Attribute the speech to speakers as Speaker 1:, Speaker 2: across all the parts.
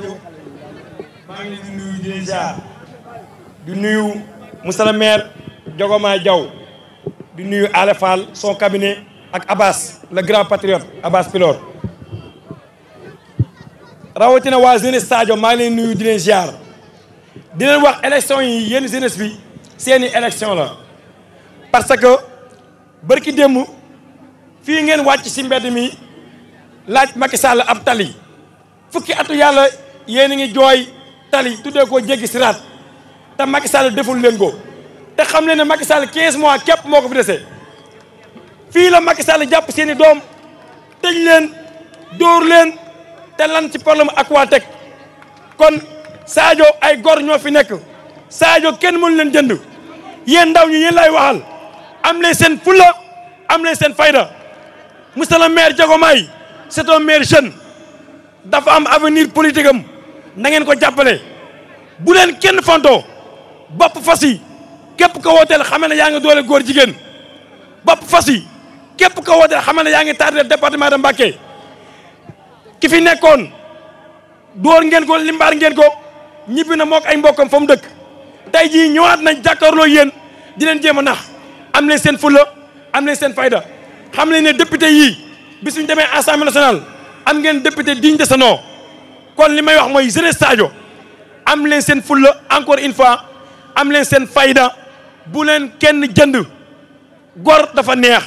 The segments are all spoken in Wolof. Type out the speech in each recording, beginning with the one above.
Speaker 1: Saliou maa ngi nuyu di ziar di di nuyu Alé Fall son ak Abbas le grand patriote Abbas Pilor rawatina waa jeunesse Sadio maa leen nuyu di leen ziar di wax élection yi yéen jeunesse bi seeni élection la parce que bërki démb fii ngeen wàcc si mbedd mi laaj Macky ab tali fukki atu yàlla yéen a ngi jooy tali tuddee ko jéggi siraat te Macky Sall deful leen ko te xam leen ne Macky Sall 15 mois képp moo ko fi dese fii la Macky Sall jàpp seen i doom tëj leen dóor leen te lan ci problème ak waa teg kon Sadio ay gor ñoo fi nekk saajo kenn mënu leen jënd yéen ndaw ñi yéen lay waxal am leen seen fulla am leen seen fayda monsieur le maire Diomaye c'est un maire jeune dafa am avenir politique am na ngeen ko jàppale bu leen kenn fantoo bopp fas yi képp ko wooteel xamee na yaa ngi doole góor jigéen bopp fas yi képp ko wooteel xamee ne yaa ngi tardé département de Mbacké ki fi nekkoon dóor ngeen ko limbaar ngeen ko ñibbi na mook ay mbokk am fa mu dëkk tey jii ñëwaat nañ jàkkaarloo yéen di jéem a nax am leen seen fulla am leen seen fayda xam leen ne député yii bi suñ demee assemblée nationale am ngeen député digne de ce nom kon li may wax mooy jeunesse saajo am leen seen fulla encore une fois am leen seen fayda bu leen kenn jënd gor dafa neex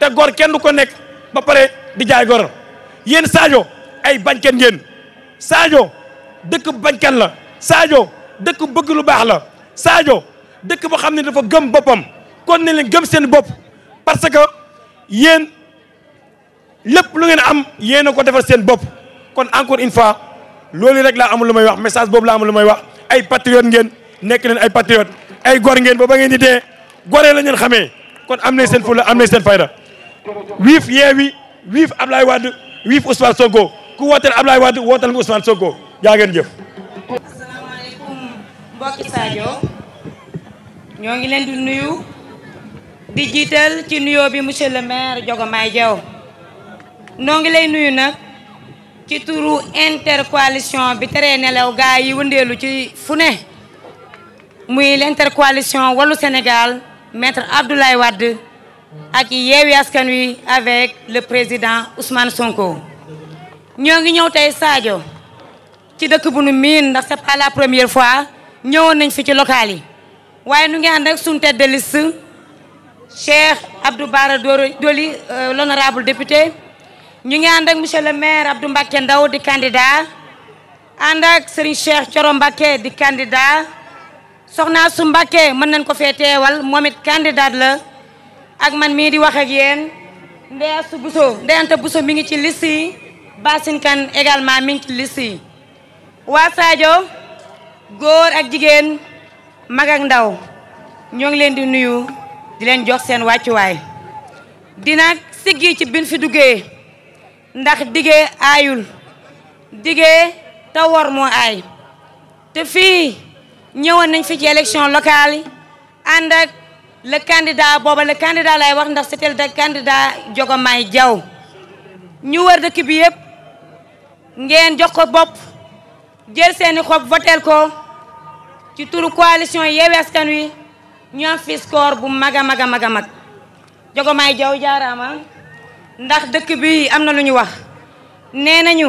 Speaker 1: te gor kenn du ko nekk ba pare di jaay gor yéen Sadio ay bañkat ngeen Sadio dëkk bañkat la Sadio dëkk bëgg lu baax la Sadio dëkk boo xam ne dafa gëm boppam kon ne leen gëm seen bopp parce que lépp lu ngeen am yéen a ko defal seen bopp kon encore une fois loolu rek laa amul lu may wax message boobu la amul lu may wax ay patriote ngeen nekk leen ay patriote ay gor ngeen ba ba ngeen di dee goree la ngeen xamee kon am nañ seen fulla am nañ seen fayda wiif Yewwi wiif Ablaye Wade wiif Ousmane Sonko ku wooteel Ablaye Wade wooteel nga Ousmane Sonko jaa ngeen jëf.
Speaker 2: ngi leen di nuyu di jiital bi monsieur le maire Diogomaye noo ngi lay nuyu nag ci turu intercoalition bi teree nelaw gaa yi wëndeelu ci fu ne muy l'intercoalition Wallu Sénégal maître Abdoulaye Wade ak Yewwi Askan Wi avec le président Ousmane Sonko. ñoo ngi ñëw tey Sadio ci dëkk bu nu miin ndax c'est pas la première fois ñëwoon nañ fi ci local yi waaye nu ngi ànd ak suñu tête de liste Cheikh Abdou Bara Dolly euh, l'honorable député. ñu ngi ànd ak monsieur le maire Abdou Mbacké Ndaw di candidat ànd ak Serigne Cheikh Thioro di candidat soxna su Mbacké mën nañ ko fee teewal moom it candidat la ak man mii di wax ak yéen Ndeye Astou buso Ndeye Anta Bousso mi ngi ci liste yi Basine également mi ngi ci liste yi waa Sadio góor ak jigéen magak ndaw ñoo ngi leen di nuyu di leen jox seen wàccuwaay dina siggi ci bin fi duggee ndax digee aayul digee te wor aay te fii ñëwoon nañ fi ci élection locale yi ànd ak le candidat booba le candidat lay wax ndax c'était le candidat Diomaye Diaw ñu wër dëkk bi yëpp ngeen jox ko bopp jël seeni xob voteel ko ci turu coalition Yewwi Askan Wi ñu am fi score bu mag a mag a mag a mag Diomaye Diaw jaaraama ndax dëkk bi am na lu ñu wax nee nañu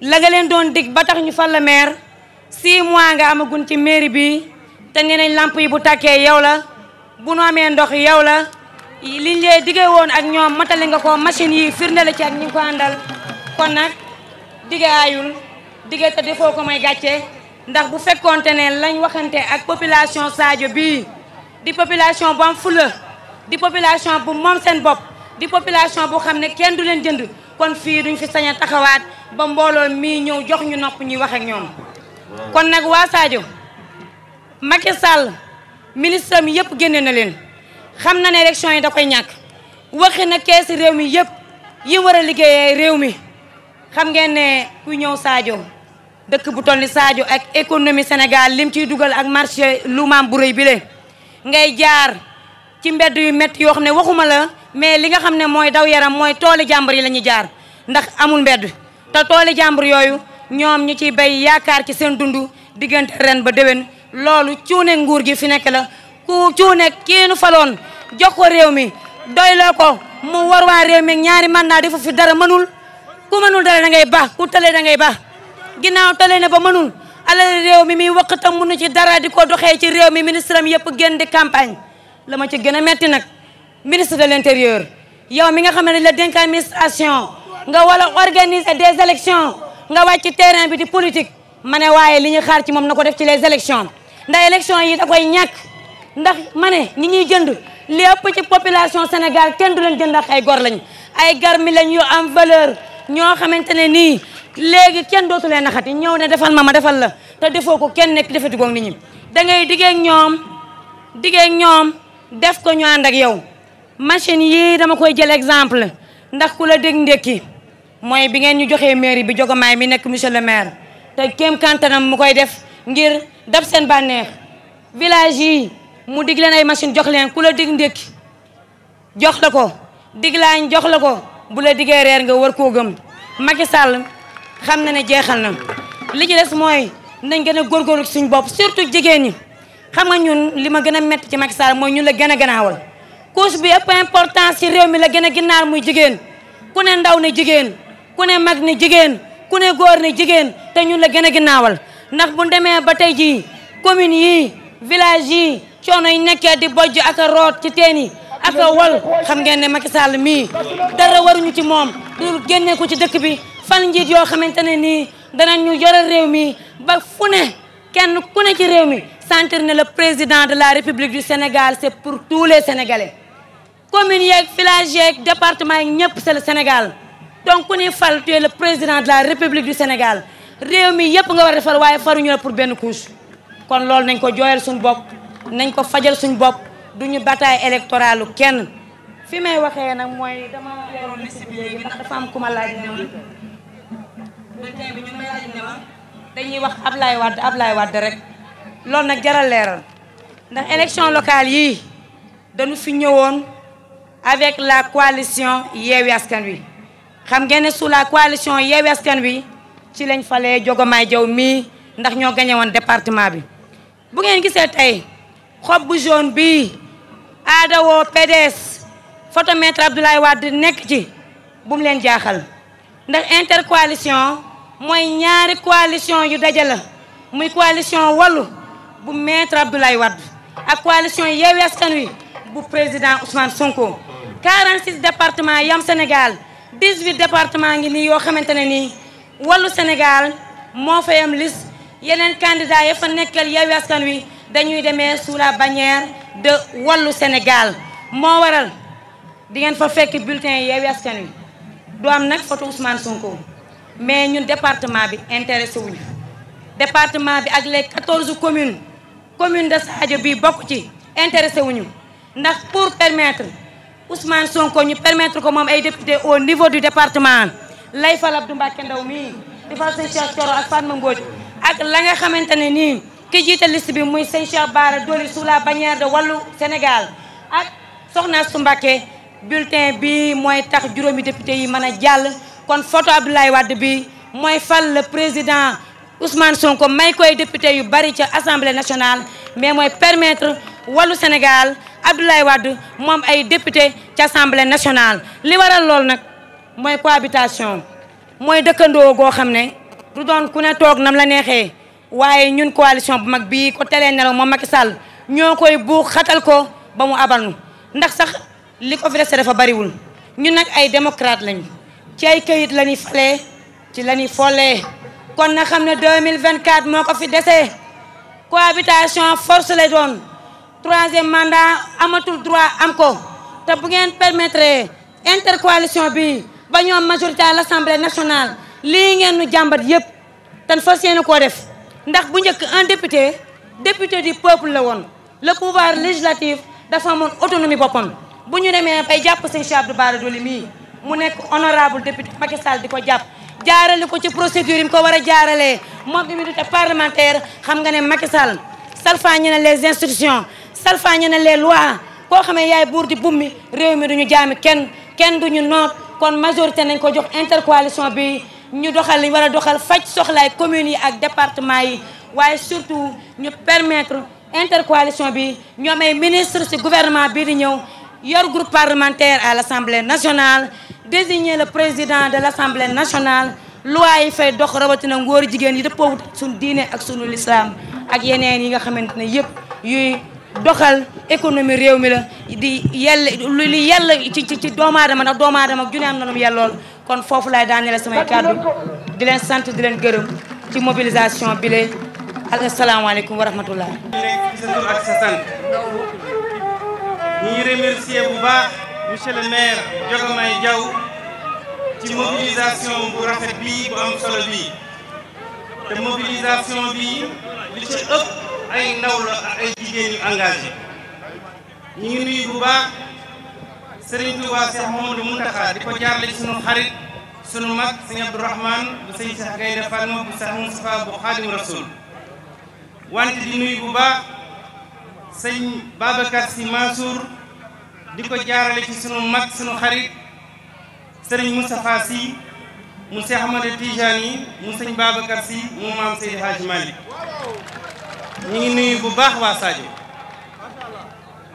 Speaker 2: la nga leen doon dig ba tax ñu fal la maire six mois nga amagun ci mairie bi te nee nañ làmp yi bu tàkkee yow la bu nu amee ndox yow la liñ lee diggee woon ak ñoom matali nga ko machine yi firnde la ci ak ñu ko àndal kon nag digge aayul digge te defoo ko may gàcce ndax bu fekkoonte ne lañ waxante ak population Sadio bii di population bu am di population bu moom seen bopp di population boo xam ne kenn du leen jënd kon fii duñ fi sañ a taxawaat ba mbooloo mii ñëw jox ñu nopp ñuy wax ak ñoom kon nag waa saajo Macky Sall ministre am yëpp génne na leen xam na ne élection yi da koy ñàkk waxi na keesi réew mi yëpp yi war a liggéeyee réew mi xam ngeen ne ku ñëw saajo dëkk bu toll ni Sadio ak économie Sénégal lim ciy dugal ak marché lu maam bu rëy bi le ngay jaar ci mbedd yu métti yoo xam ne waxuma la mais li nga xam ne mooy daw yaram mooy tooli jàmbur yi la ñuy jaar ndax amul mbedd te tooli jàmbur yooyu ñoom ñu ciy bay yaakaar ci seen dund diggante ren ba déwén loolu cuune nguur gi fi nekk la ku cuune kii nu faloon jox ko réew mi doyloo ko mu war waa réew mi ñaari mandat defu fi dara mënul ku mënul dara da ngay baax ku tëlee da ngay baax ginnaaw tëlee ne ba mënul alal réew mi muy waqtam mënu ci dara di ko doxee ci réew mi ministre am yëpp génn di campagne la ma ci gën a metti nag ministre de l'intérieur yow mi nga xam ne la dénk administration nga wala organiser des élections nga wàcc ci terrain bi di politique ma ne waaye li ñu xaar ci moom na ko def ci les élections ndax élections yi da koy ñàkk ndax ma ne ni ñuy jënd li ëpp ci population Sénégal kenn du leen jënd ak ay gor lañ ay garmi lañ yu am valeur ñoo xamante ne nii léegi kenn dootu leen naxati ñëw ne defal ma ma defal la te defoo ko kenn nekk defati goog nit ñi da ñoom diggee ñoom def ko ñu ànd ak yow machine yii dama koy jël exemple ndax ku la dégg ndékki mooy bi ngeen ñu joxee mairie bi jogomaay mi nekk monsieur le maire te kéem kantanam mu koy def ngir dab seen bànneex village yi mu dig leen machine jox leen ku la dig ndékki jox la ko dig añ jox la ko bu la digee reer nga war koo gëm Macky Sall xam na ne jeexal na li ci des mooy nañ gën a góorgóorlu suñ bopp surtout jigéen ñi xam nga ñun li ma gën a métti ci Macky Sall mooy ñun la gën a gannaawal couche bi ëpp importance ci réew mi la gën a ginnaar muy jigéen ku ndaw ne jigéen ku ne mag ne jigéen ku ne góor ne jigéen te ñun la gën a ginnaawal ndax bu demee ba tey jii commune yi village yi coono yi nekkee di bojj ak a root ci teen yi ak a wal xam ngeen ne Macky Sall mii dara waruñu ci moom dul génne ko ci dëkk bi fan njiit yoo xamante ne nii danañu yore réew mi ba fu ne kenn ku ne ci réew mi sentir ne la président de la république du Sénégal c'est pour tous les sénégalais communes yeeg villages yeeg département yeeg ñëpp c'est le Sénégal donc ku ne fal tu es président de la république du Sénégal réew mi yëpp nga war a defal waaye faruñu la pour benn couche. kon loolu nañ ko jooyal suñu bopp nañ ko fajal suñu bopp duñu bataille électorale kenn fi may waxee nag mooy dama yoroon ku ma laaj ne ma. dañuy wax Ablaye Wade Ablaye Wade rek loolu nag jaral leeral ndax élection locale yi dañu fi ñëwoon avec la coalition Yewwi Askan Wi xam ngeen ne sous la coalition Yewwi Askan Wi ci lañ falee Jogomaay Jaw mii ndax ñoo gañe woon département bi bu ngeen gisee tey xob bu jaune bii aadawoo PDS photomètre Abdoulaye Wade nekk ci bu mu leen jaaxal ndax intercoalition mooy ñaari coalition yu dajale muy coalition Wallu bu maître Abdoulaye wadd ak coalition Yewwi Askan Wi bu président Ousmane Sonko. 46 département yam Sénégal 18 département ngi nii yoo xamante ne nii Wallu Sénégal moo fa yam yeneen candidat ya fa nekkal Yewwi Askan Wi dañuy demee sous la bannière de Wallu Sénégal moo waral di ngeen fa fekk bulletin Yewwi Askan Wi du am nag photo Ousmane Sonko. mais ñun département bi intéressé wuñu département bi ak les quatorze communes commune de Sadio bii bokk ci intéressé wuñu ndax pour permetre permettre Ousmane Sonko ñu permettre ko moom ay député au niveau du département lay fal du Mbacké Ndaw mii di fal sëñ Cheikh Thioro ak la nga xamante ne nii ki jiite liste bi muy sëñ Cheikh Bara Dolly sous la bannière de Sénégal ak soxna su Mbacké bulletin bi mooy tax juróomi député yi mën a jàll kon photo Abdoulaye wadd bi mooy fal président Ousmane Sonko may koy député yu bari ca assemblée nationale mais mooy permettre wàllu Sénégal Abdoulaye wadd moom ay député ca assemblée nationale. li waral loolu nag mooy cohabitation mooy dëkkandoo goo xam ne du doon ku ne toog nam la neexee waaye ñun coalition bu mag bi ko teree nelaw moom mag Sall ñoo koy buux xatal ko ba mu abal nu ndax sax li ko fi dese dafa bariwul ñun nag ay démocrate lañu. ci ay këyit la ñuy falee ci la ñuy follee kon na xam ne 2024 moo ko fi desee cohabitation force lay doon troisième mandat amatul droit am ko te bu ngeen permettre intercoalition bi ba ñoom majorité à l'Assemblée nationale lii ngeen nu jàmbat yëpp ten fas yéene koo def ndax bu njëkk un député député du peuple la woon le pouvoir législatif dafa amoon autonomie boppam bu ñu demee bay jàpp sëñ Cheikh Abdou Bara Dolly mii mu nekk honorable député Macky Sall di ko jàpp jaarale ko ci procédure yi mu ko war a jaaralee moom immunité parlementaire xam nga ne Macky Sall salfaañe na les institutions salfaañe na les ko koo xamee yaay buur di bub mi réew mi duñu jaami kenn kenn duñu noot kon majorité nañ ko jox intercoalition bi ñu doxal liñ war a doxal faj soxlaay communes yi ak département yi waaye surtout ñu permettre intercoalition bi ñoom ay ministre ci gouvernement bii di ñëw yor groupe parlementaire à l'Assemblée nationale désigner le président de l'Assemblée nationale loi yi fay dox rawatina ngóor jigéen yi dëppoo suñu diine ak suñu lislaam ak yeneen yi nga xamante ne yëpp yuy doxal économie réew mi la di yal lu li yàlla ci ci doomu aadama ndax doomu aadama ak ju ne am na lu mu yàllool kon foofu laay daanele samay kàddu di leen sant di leen gërëm ci mobilisation bi la asalaamaaleykum wa rahmatullah.
Speaker 3: ñu ngi remercier bu baax monsieur le maire Diomaye Diaw ci mobilisation bu rafet bii bu am solo bii te mobilisation bii li ci ëpp ay ndaw la ak ay jigéen yu engagé ñu ngi nuyu bu baax Serigne Touba Cheikh Mamadou Mountakha di ko jaarle sunu xarit sunu mag sëñ Abdourahmane bu sëñ Cheikh Gaynde Fatma bu Cheikh Moustapha bu Xaadim Rasoul wante di nuyu bu baax. sëñ Babacar Sy Mansour di ko jaarale ci sunu mag sunu xarit sëriñ Moustapha Sy mu Cheikh Ahmadou Tidiane yi mu sëñ Babacar Sy mu maam Seydi Hadji Malick ñu ngi nuyu bu baax waa Sadio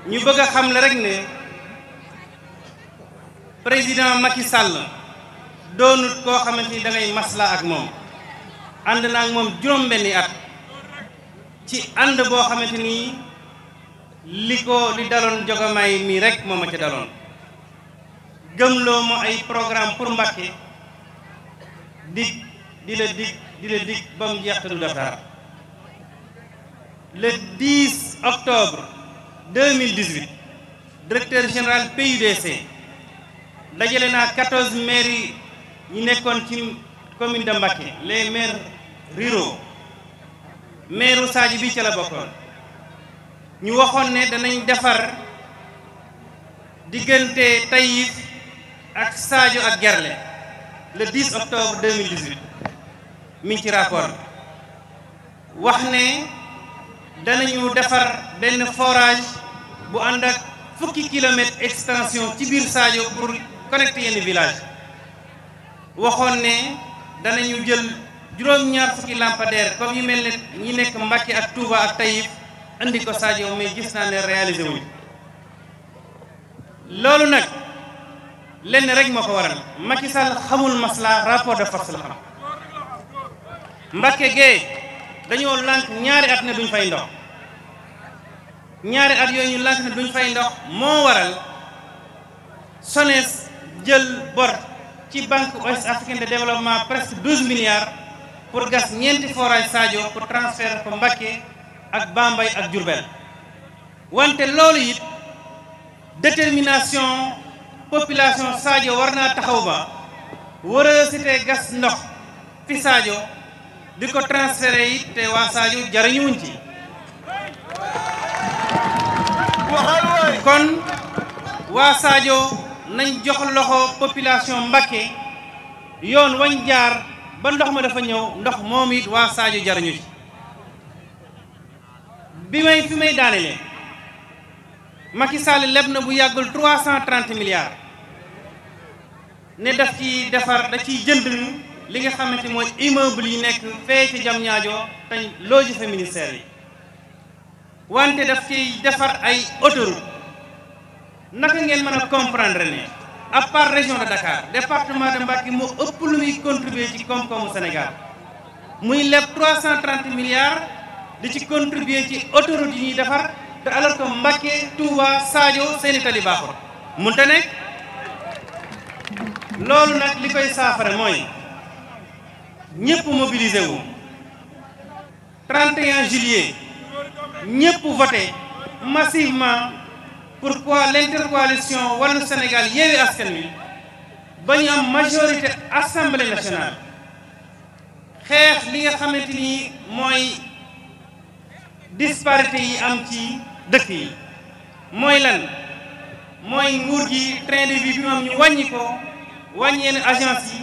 Speaker 3: ñu bëgg a xam le rek ne président Macky sàll doonut koo xamante ni da ngay masla ak moom ànd naa ak moom juróom-benni at ci ànd boo xamante ni li ko li daloon jogamaay mii rek moom ma ca daloon gëmloo ma ay programme pour Mbàkke dig di la dig di la dig ba mu jeex te du dara le 10 octobre 2018 directeur général PUDC dajale naa 14 yi nekkoon ci commune de Mbacké les maires ruraux maire Sadji bi ca la bokkoon ñu waxoon ne danañ defar diggante Taïf ak Sadio ak Gerle le 10 octobre 2018 mi ngi ci rapport wax ne danañu defar benn forage bu ànd ak fukki kilomètres extension ci biir Sadio pour connecter yenn village waxoon ne danañu jël juróom-ñaar fukki lampadaire comme yu mel ne ñi nekk Mbacké ak Touba ak Taïf andi ko Sadio mais gis naa ne réalisé nag lenn rek moo ko waral Macky xamul masla rapport de force la lànk ñaari at ne fay ndox ñaari at yooyu ñu lànk fay ndox moo waral SONES jël bor ci banque développement presque 12 milliards pour gas ñeenti forage Sadio pour transfert ko Mbacké ak Bambey ak Diourbel wante loolu it détermination population Sadio war naa taxaw ba wërësite gas ndox fi Sadio di ko transféré it te waa Sadio jariñuwuñ ci kon waa Sadio nañ jox loxo population Mbacké yoon wañ jaar ba ndox ma dafa ñëw ndox moom it waa Sadio jariñu ci bi may fi may daanelee Macky Sall leb na bu yàggul trois cent trente milliards ne def ci defar da ciy jënd li nga xamante mooy immeuble yi nekk fee ci jam ñaajoo te looji fa ministère yi wante def ciy defar ay autoroute naka ngeen mën a comprendre ne à part région de Dakar département de Mbacké moo ëpp lu muy contribuer ci koom-koomu Sénégal muy leb trois cent trente milliards di ci contribuer ci autoroute yi ñuy defar te alors que Mbacké Touba Sadio seeni tali baaxul mun te nekk loolu nag li koy saafara mooy ñëpp mobilisé wu 31 juillet ñëpp voté massivement pourquoi l'intercoalition wàllu Sénégal Yewwi Askan Wi ba ñu am majorité assemblée nationale xeex li nga xamante ni mooy disparité yi am ci dëkk yi mooy lan mooy nguur gi train de vie bi moom ñu wàññi ko wàññi yenn agence yi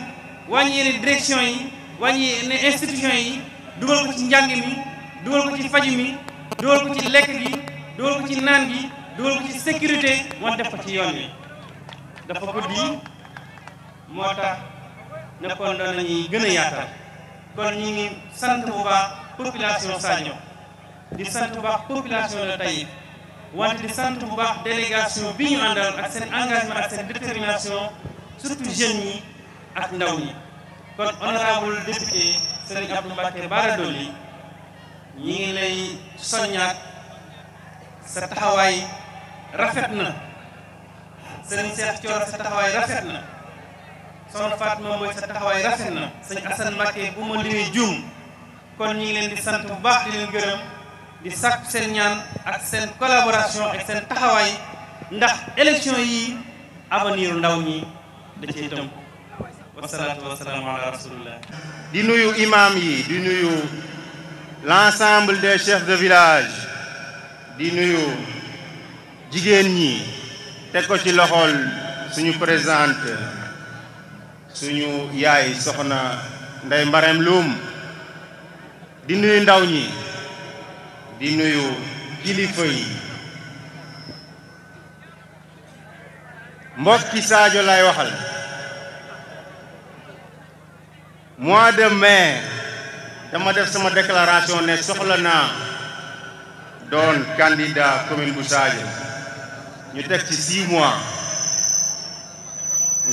Speaker 3: wàññi yenn direction yi wàññi yenn institution yi dugal ko ci njàng mi dugal ko ci faju mi dugal ko ci lekk gi dugal ko ci naan gi dugal ko ci sécurité moo def ko ci yoon wi dafa ko di moo tax ne kon doon nañuy gën a yaatal kon ñu ngi sant bu baax population Sadio di sant bu baax population la Taïf wante di sant bu baax délégation bi ñu àndal ak seen engagement ak seen détermination surtout jeunes yi ak ndaw yi kon honorable député Serigne Abdou Mbacké Bara Dolly ñu ngi lay soññaat sa taxawaay rafet na Serigne Cheikh Thioro sa taxawaay rafet na soxna Fatma mooy sa taxawaay rafet na sëñ Assane Mbacké bu ma limee juum kon ñu ngi leen di sant bu baax di leen gërëm di sàkku seen ñaan ak seen collaboration ak seen taxawaay ndax élection yi avenir ndaw ñi da cee tënk
Speaker 4: di nuyu imam yi di nuyu l'ensemble de chefs de village di nuyu jigéen ñi teg ko ci loxol suñu présidente suñu yaay soxna Ndeye Mbarem Loum di nuyu ndaw ñi di nuyu kilifa yi mbokki Sadio lay waxal mois de mais dama def sama déclaration ne soxla naa doon candidat commune bu Sadio ñu teg ci six mois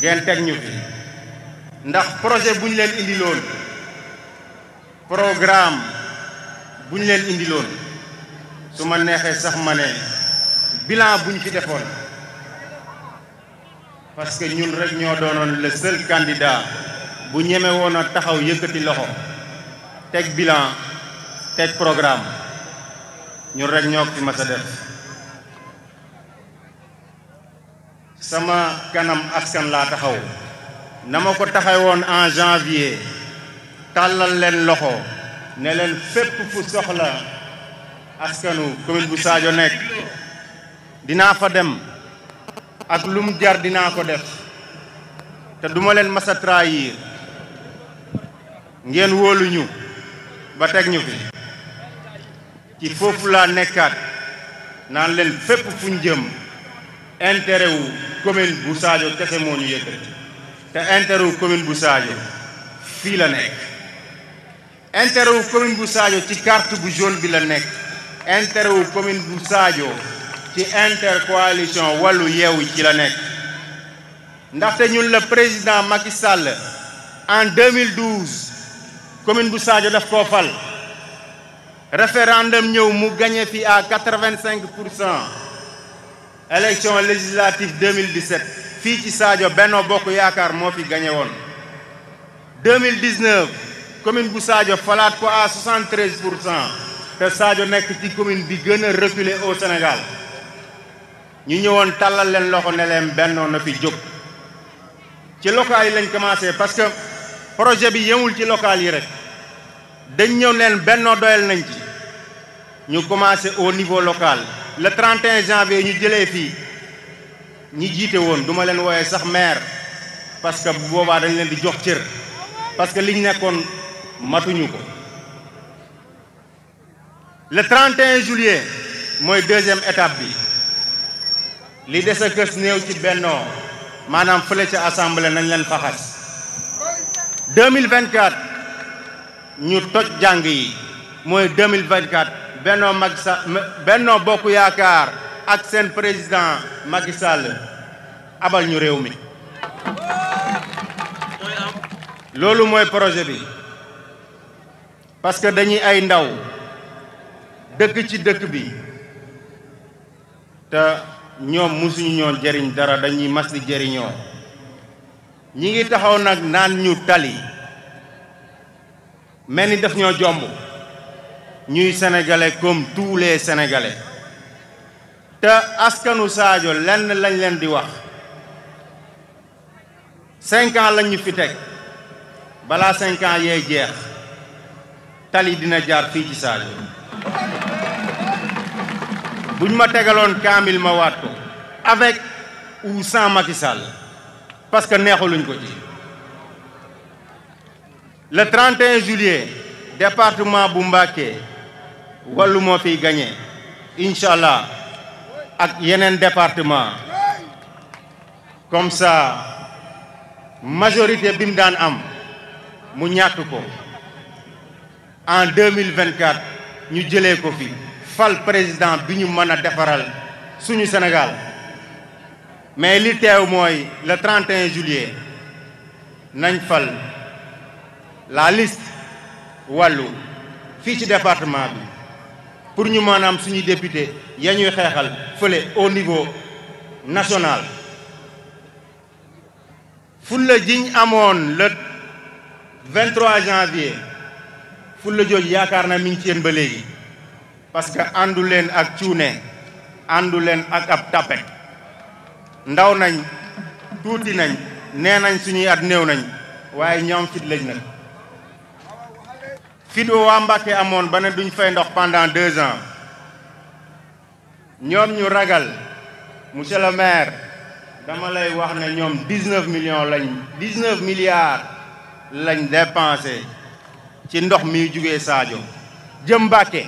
Speaker 4: ngeen teg ñu fi ndax projet bu leen indiloon programme bu leen indiloon su ma neexee sax ma ne bilan bu ñu fi defoon parce que ñun rek ñoo doonoon le seul candidat bu ñeme woon a taxaw yëkkati loxo teg bilan teg programme ñun rek ñoo fi mas a def sama kanam askan laa taxaw na ma ko taxawoon en janvier tàllal leen loxo ne leen fépp fu soxla askanu commune bu Sadio nekk dinaa fa dem ak lum jar dinaa ko def te duma leen masa trahir ngeen wóoluñu ba teg ñu fi ci foofu laa nekkaat naan leen fépp fu ñu jëm intérêt wu commune bu Sadio kese moo ñu yëkkati te intérêt wu commune bu Sadio fii la nekk intérêt wu commune bu Sadio ci carte bu jaune bi la nekk intérêt wu commune bu saajo ci inter intercoalition wallu yeewu ci la nekk ndaxte ñun la président Macky Sall en 2012 commune bu Sadio daf koo fal référendum ñëw mu gagné fi à 85 pour cent élection législative 2017 fii ci Sadio Benno Bokk Yaakaar moo fi gagné woon 2019 commune bu Sadio falaat ko à 73 pour cent. te Sadio nekk ci commune bi gën a reculé au Sénégal ñu ñëwoon tàllal leen loxo ne leen bennoo na fi jóg ci local yi lañ commencé parce que projet bi yemul ci local yi rek dañ ñëw leen bennoo doyal nañ ci ñu commencé au niveau local le 31 janvier ñu jëlee fii ñi jiite woon duma leen wooyee sax maire parce que bu boobaa dañ leen di jox cir parce que liñ nekkoon matuñu ko le 31 juillet mooy deuxième étape bi li des a kës néew ci bennoo maanaam fële ca assemblée nañ leen faxas 2024 ñu toj jàng yi mooy 2024 bennoo Macky Sall bennoo bokk yaakaar ak seen président Macky Sall abal ñu réew mi loolu mooy projet bi parce que dañuy ay ndaw dëkk ci dëkk bi te ñoom musuñu ñoon jëriñ dara dañuy mas di jëriñoo ñi ngi taxaw nag naan ñu tali mel ni daf ñoo jomb ñuy senegale kom tous les te askanu saajo lenn lañ leen di wax cinq ans lañ ñu fi teg balaa cinq ans yee jeex tali dina jaar fii ci Sadio bu buñ ma tegaloon kaamil ma waat ko avec ou sans Macky Sall parce que neexaluñ ko ci le 31 juillet département bu Mbacké wàllu moo incha allah ak yeneen département comme ça majorité bi mu daan am mu ñàkk ko en 2024 ñu jëlee ko fi fal président bi ñu mën a defaral suñu Sénégal mais li teew mooy le 31 juillet nañ fal la liste wàllu fii ci département bi pour ñu maanaam suñuy député ya ñuy xeexal fële au niveau national la jiñ amoon le 23 janvier la jooju yaakaar na mi ngi ci yéen ba léegi parce que àndu leen ak cuune àndu leen ak ab tapet ndaw nañ tuuti nañ nee nañ suñu at néew nañ waaye ñoom fit lañ nag fit waa Mbàkke amoon ba ne duñ fay ndox pendant deux ans ñoom ñu ragal mu le maire dama lay wax ne ñoom dix-neuf millions lañ dix-neuf lañ dépensé ci ndox mi jugee Sadio jëm Mbàkke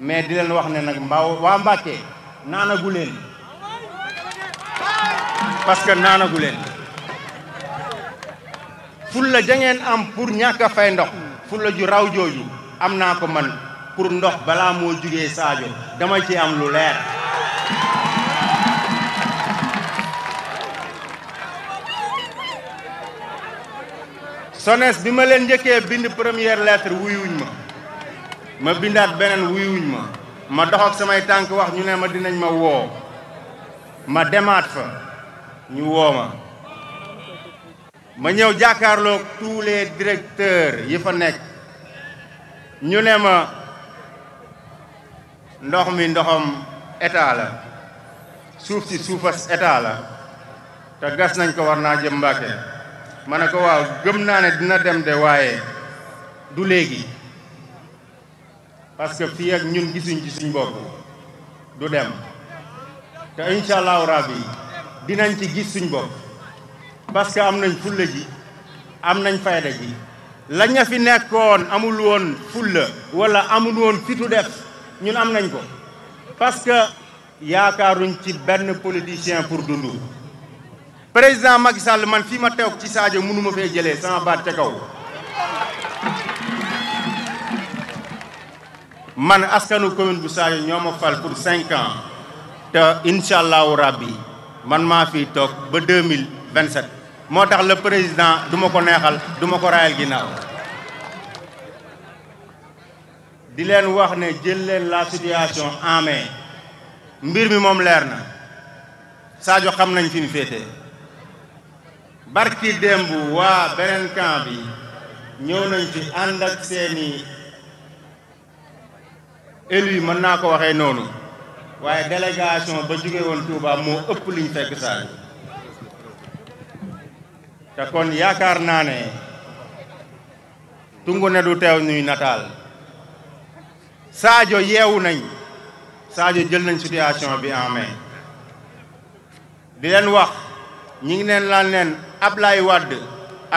Speaker 4: mais di leen wax ne nag mbaaw waa Mbàkke naanagu leen parce que naanagu leen ful la jangeen am pour ñàkk fay ndox ful la ju raw jooju am naa ko man pour ndox balaa moo jugee Sadio dama ci am lu leer sonees bi ma leen njëkkee bind première lettre wuyuñ ma ma bindaat beneen wuyuñ ma ma samay tànk wax ñu ne ma dinañ ma woo ma demaat fa ñu woo ma ma ñëw jàkkaarloog tous les directeurs yi fa nekk ñu ne ma ndox mi ndoxam état suuf si suufas état la te gas nañ ko war naa jëm Mbàkke ma ne ko waaw gëm naa ne dina dem de waaye du léegi parce que fii ñun gisuñ ci suñ bopp du dem te allah allahu rabbi dinañ ci gis suñ bopp parce que am nañ fulla ji am nañ fayda ji la ña fi nekkoon amul woon fulla wala amul woon fitu def ñun am nañ ko parce que yaakaar yaakaaruñ ci benn politicien pour dund président Macky Sall man fii ma teew ci Sadio mënuma fee jëlee sama baat ca kaw man askanu commune bu Sadio ñoo ma fal pour cinq ans te incha allahu rabbi man maa fi toog ba deux mille vingt sept moo tax la président duma ko neexal duma ma ko raayal ginnaaw di leen wax ne jël leen la situation en mbir mi moom leer na Sadio xam nañ fi mu féete barki bu waa beneen camp bi ñëw nañ fi ànd ak seeni élu mën naa ko waxee noonu waaye délégation ba jóge woon Touba moo ëpp liñ fekk saa yi te kon yaakaar naa ne tungu ne du teew ñuy nataal saajo yeewu nañ saajo jël nañ situation bi en di leen wax ñi ngi leen laan ab Ablaye Wade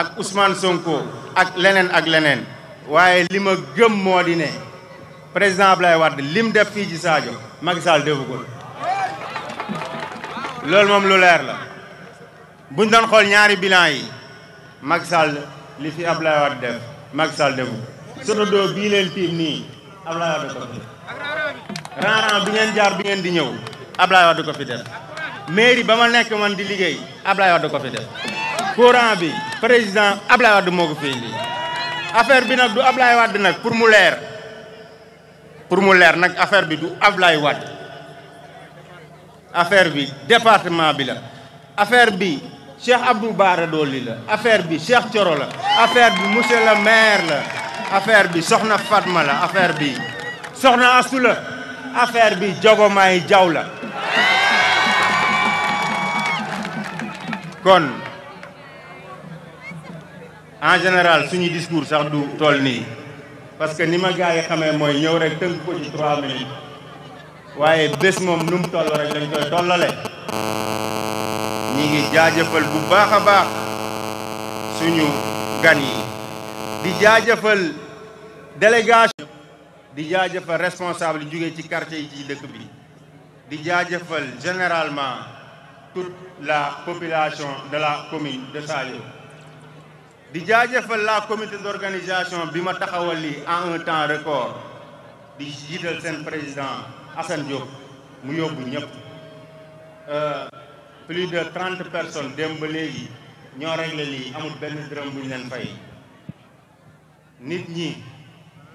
Speaker 4: ak usmaan Sonko ak leneen ak leneen waaye lima ma gëm moo président Ablaye Wade lim def fii ci Sadio Macky Sall defu moom lu leer la buñ dan xool ñaari bilan yi Macky Sall li fi Ablaye Wade def Macky Sall defu ko soto doo bii leen tiim nii Ablaye Wade ko fi ranran bi ngeen jaar bi ngeen di ñëw Ablaye Wade ko fi def mairie ba ma nekk man di liggéey Ablaye Wade ko fi def courant bi président Ablaye Wade moo ko fi indi affaire bi nag du Ablaye Wade nag pour mu leer pour mu leer nag affaire bi du Ablaye Wade affaire bi département bi la affaire bi Cheikh Abdou Bara Dolly la affaire bi Cheikh Thioro la affaire bi monsieur le maire la affaire bi soxna Fatma la affaire bi soxna Astou la affaire bi Jogomaay Jaw la kon en général suñu discours sax du toll nii parce que ni ma gars yi xamee mooy ñëw rek tënk ko ci trois minutes waaye bés moom nu mu toll rek lañ koy tollale ñi ngi jaajëfal bu baax a baax suñu gan yi di jaajëfal délégation di jaajëfal responsable yi jógee ci quartier yi ci dëkk bi di jaajëfal généralement toute la population de la commune de Sadio di jaajëfal la comité d'organisation bi ma taxawal lii en un temps record di jiital seen président Assane Diop mu yóbbu ñëpp euh, plus de trente personnes dem ba léegi ñoo réglé lii amul benn dërëm bu ñu leen fay nit ñi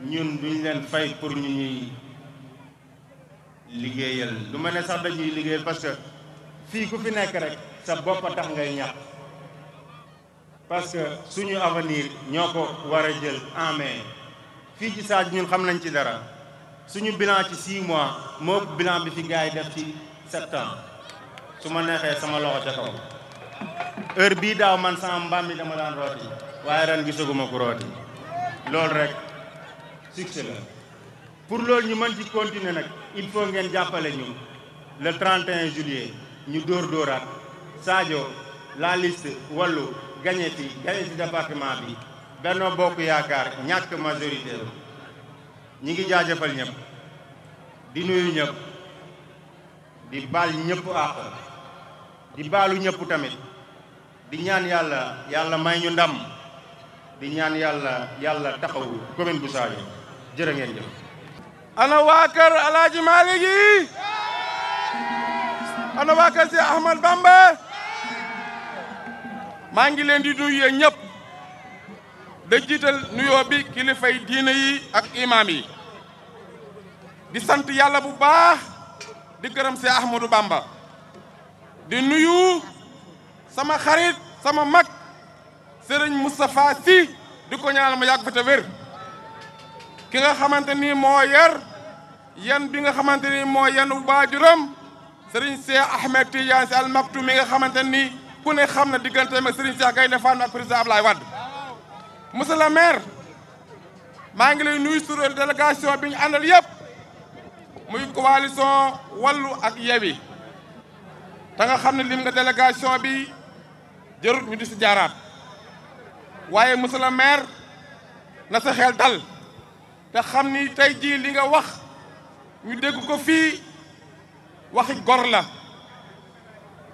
Speaker 4: ñun duñ leen fay pour ñu ñuy liggéeyal du ma ne sax dañuy liggéeyal parce que fii ku fi nekk rek sa bopp a tax ngay ñàkk parce que suñu avenir ñoo ko war a jël en main fii ci Sadj ñun xam nañ ci dara suñu bilan ci 6 mois moo bilan bi fi gars yi def ci septembre su ma neexee sama loxo ca kaw heure bii daaw man sama mbaam mi dama daan rooti waaye ren gisaguma ko rooti loolu rek succès la pour loolu ñu mën ci continuer nag il faut ngeen jàppale ñu le 31 juillet ñu dóor dóoraat Sadio la liste wallu gañe fi gañe ci département bi Benno Bokk Yaakaar ñàkk majorité la ñi ngi jaajëfal ñëpp di nuyu ñëpp di baal ñëpp àq di baalu ñëpp tamit di ñaan yàlla yàlla may ñu ndam di ñaan yàlla yàlla taxawu commune bu Sadio jërë ngeen ana waa Alaaji Maalik
Speaker 5: yi ana waa si Ahmad Bamba maa ngi leen di nuyu yéen ñëpp da jiital nuyoo bi kilifay diine yi ak imaam yi di sant yàlla bu baax di gërëm si Ahmadou Bamba di nuyu sama xarit sama mag sëriñ Moustapha Sy di ko ñaanal ma yàgg fa te wér ki nga xamante ni moo yar yan bi nga xamante ni moo yan waajuram sëriñ Cheikh Ahmed Tidiane Sy Al Maktoum mi nga xamante nii ku ne xam na digganteem ak Serigne Cheikh Gaynde Fatma ak président Ablaye Wade monsieur le maire maa ngi lay nuy sur délégation bi ñu àndal yëpp ko coalition wallu ak Yewwi da nga xam ne lim nga délégation bi jërut ñu di si waaye monsieur le maire na sa dal te xam ni tey jii li nga wax ñu dégg ko fii waxi gor la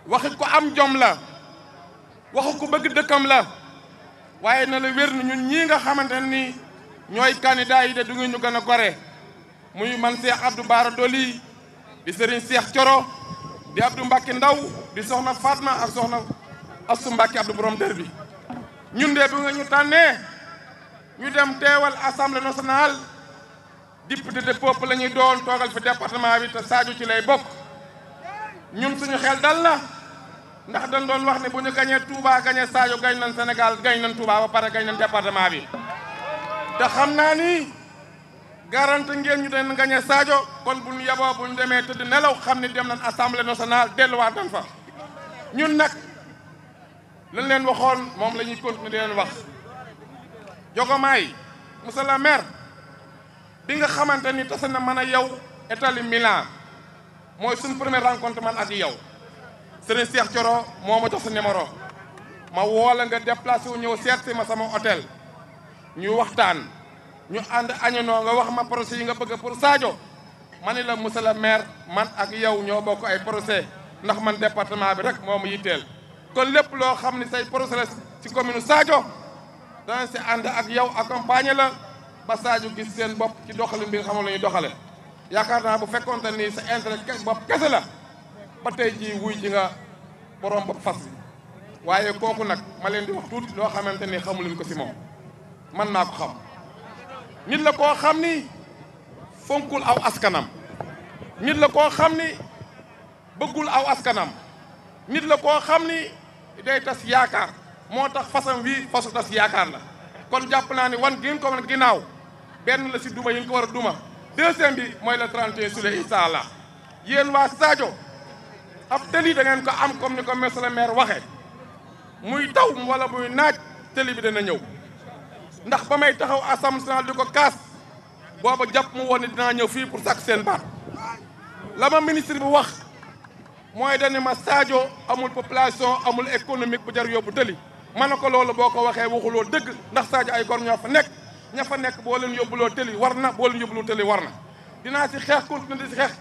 Speaker 5: waxi ko am jom la waxu ku bëgg dëkkam la waaye na la wér ni ñun ñii nga xamante ni ñooy candidat yi de du ngi ñu gën a gore muy man Cheikh Abdou Bara Dolly di Serigne Cheikh Thioro di Abdou Mbacke Ndaw di soxna Fatma ak soxna Astou Mbacke Abdou borom dër bi ñun de bu nga ñu tànnee ñu dem teewal assemblée nationale député de peuple la ñuy doon toogal fi département bi te Sadio ci lay bokk ñun suñu xel dal na ndax dañ doon wax ne bu ñu gañee Touba gañee Sadio gañ nañ Sénégal gañ nañ Touba ba pare gañ nañ département bi te xam naa ni garante ngeen ñu den gañee saajo kon bu ñu yeboo bu ñu demee tëdd nelaw xam ne dem nañ assemblée nationale delluwaat nañ fa ñun nag lañ leen waxoon moom la ñuy continuer di leen wax jogomaay monsieur le bi nga xamante ni tasa na man a yow état Milan mooy suñu première rencontre man a di yow sëriñ Cheikh Thioro moo ma jox sa numéro ma woo la nga déplacé wu ñëw seet si ma sama hôtel ñu waxtaan ñu ànd añanoo nga wax ma projet yi nga bëgg pour Sadio ma la monsieur le maire man ak yow ñoo bokk ay projet ndax man département bi rek moo mu yitteel kon lépp loo xam ne say projet la ci commune Sadio danañ si ànd ak yow accompagner la ba Sadio gis seen bopp ci doxalin bi nga xamoon la ñuy doxale yakaar naa bu fekkoonte nii sa intérêt bopp kese la ba tey jii wuy ji nga borom ba fas waaye kooku nag ma leen di wax tuuti loo xamante ni xamu ko si moom man naa ko xam nit la koo xam ni fonkul aw askanam nit la koo xam ni bëggul aw askanam nit la koo xam ni day tas yaakaar moo tax fasam wi fasu tas yaakaar la kon jàpp naa ni wan ngeen ko wan ginnaaw benn la si duma yi nga ko war a duma deuxième bi mooy la 31 juillet incha allah yéen waa Sadio ab tëli da ngeen ko am comme ni ko monsieur le maire waxee muy taw wala muy naaj tëli bi dana ñëw ndax ba may taxaw assemblée nationale di ko kaas booba jàpp mu woon ne dinaa ñëw fii pour sàkk seen baat la ma ministre bu wax mooy dañu ma Sadio amul population amul économique bu jar yóbbu tëli ma ne ko loolu boo ko waxee waxuloo dëgg ndax Sadio ay gor ñoo fa nekk ña fa nekk boo leen yóbbuloo tëli war na boo leen yóbbuloo tëli war na dinaa si xeex continuer di si xeex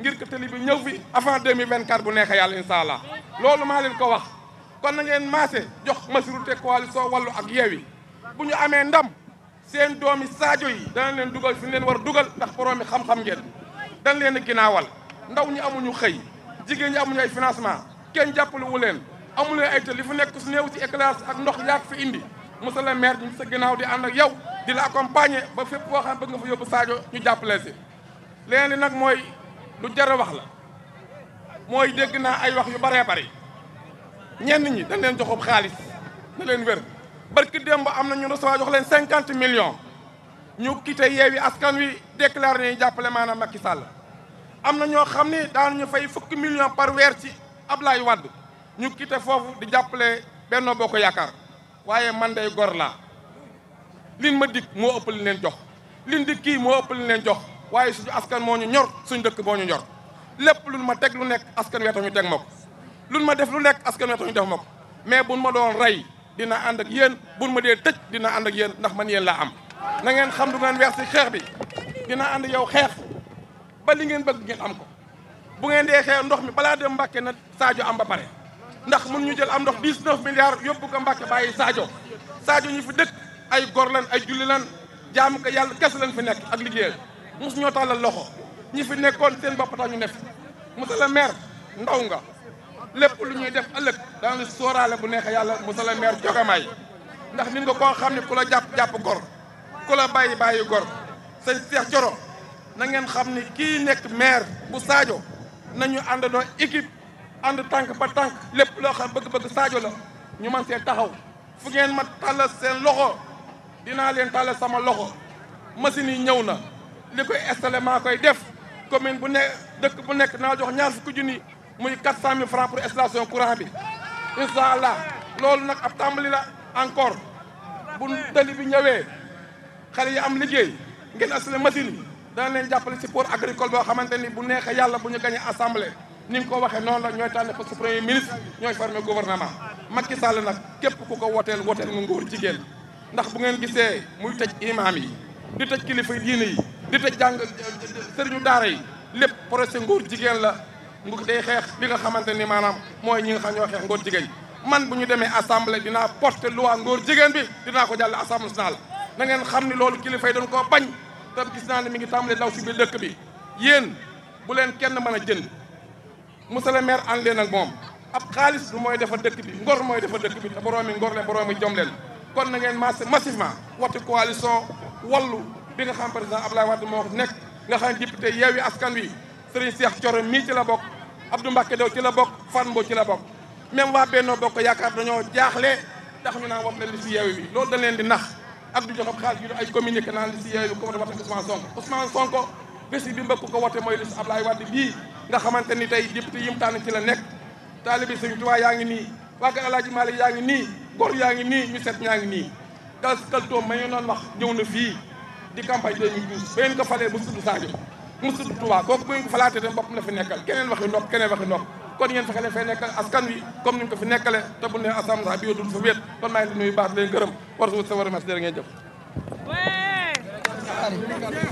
Speaker 5: ngir que tali bi ñëw fi avant 2024 bu neexee yàlla incha allah loolu maa leen ko wax kon na ngeen maase jox te majorité soo Wallu ak Yewwi bu ñu amee ndam seen doomi Sadio yi dana leen dugal fi leen war dugal ndax borom mi xam-xam ngeen dañ leen a ginaawal ndaw ñi amuñu xëy jigéen ñi amuñu ay financement kenn jàppale wu leen amuñu ay li fu nekk su néew ci éclairage ak ndox yaag fi indi monsieur le maire ñu sa ginnaaw di ànd ak yow di accompagner ba fépp boo xam bëgg nga fa ñu jàppale si nag mooy lu jar a wax la mooy dégg naa ay wax yu baree bari ñenn ñi dañ leen joxob xaalis na leen wér barki démb am na ñu recevoir jox leen cinquante millions ñu quitté yeewi askan wi déclaré ne jàppale maanaam Macky Sall am na ñoo xam ni daan ñu fay fukki millions par weer ci Ablaye Wade ñu kiite foofu di jàppale Benno Bokk Yaakaar waaye man day gor laa lin ma dikk moo ëpp li leen jox lin di kii moo ëpp li leen jox waaye suñu askan mooñu ñor suñu dëkk moo ñu ñor lépp luñ ma teg lu nekk askan wee tax ñu teg ma ko luñ ma def lu nekk askan wee tax ñu def ma ko mais buñ ma doon rey dina ànd ak yéen buñ ma dee tëj dina ànd ak yéen ndax man yéen laa am na ngeen xam du ngeen weex si xeex bi dina ànd yow xeex ba li ngeen bëgg ngeen am ko bu ngeen dee xeex ndox mi balaa dem Mbàkke na Sadio am ba pare ndax mun ñu jël am ndox 19 milliards yóbbu ko Mbàkke bàyyi saajo Sadio ñu fi dëkk ay gor lan ay julli lan jaamu ko yàlla kese lan fi nekk ak liggéeyal mos ñoo tàllal loxo ñi nekkoon seen bopp tax ñu ne fi monsieur le ndaw nga lépp lu ñuy def ëllëg daana sooraale bu neexee yàlla monsieur le maire jogamaay ndax nit nga koo xam ne ku la jàpp jàpp gor ku la bàyyi bàyyi gor sëñ Cheikh Thioro na ngeen xam ni kii nekk maire bu Sadio nañu àndandoo équipe ànd tànk ba tànk lépp loo xam bëgg-bëgg Sadio la ñu mën see taxaw fu ngeen ma tàllal seen loxo dinaa leen tàllal sama loxo machine yi ñëw na li koy installé maa koy def commune bu ne dëkk bu nekk naa jox ñaar fukki junni muy quatre cent mille francs pour installation courant bi incha allah loolu nag ab tàmbali la encore bu tali bi ñëwee xale yi am liggéey ngeen installé machine yi dana leen jàppale si port agricole boo xamante ni bu neexee yàlla bu ñu gañee assemblée ni nga ko waxee noonu la ñooy tànn parce que premier ministre ñooy former gouvernement Macky Sall nag képp ku ko woteel woteel mu ngóor jigéen ndax bu ngeen gisee muy tëj imaam yi di tëj kilifa diine yi di tëj jàng sëriñu daara yi lépp projet ngóor jigéen la ngu day xeex li nga xamante ni maanaam mooy ñi nga xam ñoo xeex ngóor jigéen man bu ñu demee assemblée dinaa porter loi ngóor jigéen bi dinaa ko jàll assemblée nationale na ngeen xam ni loolu kilifa yi doon koo bañ te gis naa ne mi ngi tàmbalee daw si biir dëkk bi yéen bu leen kenn mën a jënd monsieur le maire ànd leen ak moom ab xaalis du mooy defar dëkk bi ngor mooy defar dëkk bi te boroomi ngor leen boroomi jom leen kon na ngeen bi nga xam président Abdoulaye Wade moo wax nekk nga xam député Yewwi Askan Wi Serigne Cheikh Thioro mii ci la bokk Abdou Mbacké Diaw ci la bokk Fan Mbow ci la bokk même waa Benno Bokk Yaakaar dañoo jaaxle tax ñu naan wax leen li si Yewwi loolu dañ leen di nax ak du joxe xaalis yu du ay communiqué naan li si Yewwi bi ko wate waxte Ousmane Sonko Ousmane bii nga xamante ni tey député yi mu tànn ci la nekk taalibi Serigne Touba yaa ngi nii waa kër Alaaji Maalik yaa ngi di campagne 2012 ba ngeen ko falee mu tudd Sadio mu kooku falaatee tam bopp na fi nekkal keneen waxi ndox keneen waxi ndox kon ngeen fexe leen fay nekkal askan wi comme ni ñu fi nekkale te bu ne assemblée sax bi dul fa wéet kon
Speaker 3: maa ngi nuyu baax leen gërëm war su sa war a mas ngeen
Speaker 4: jëf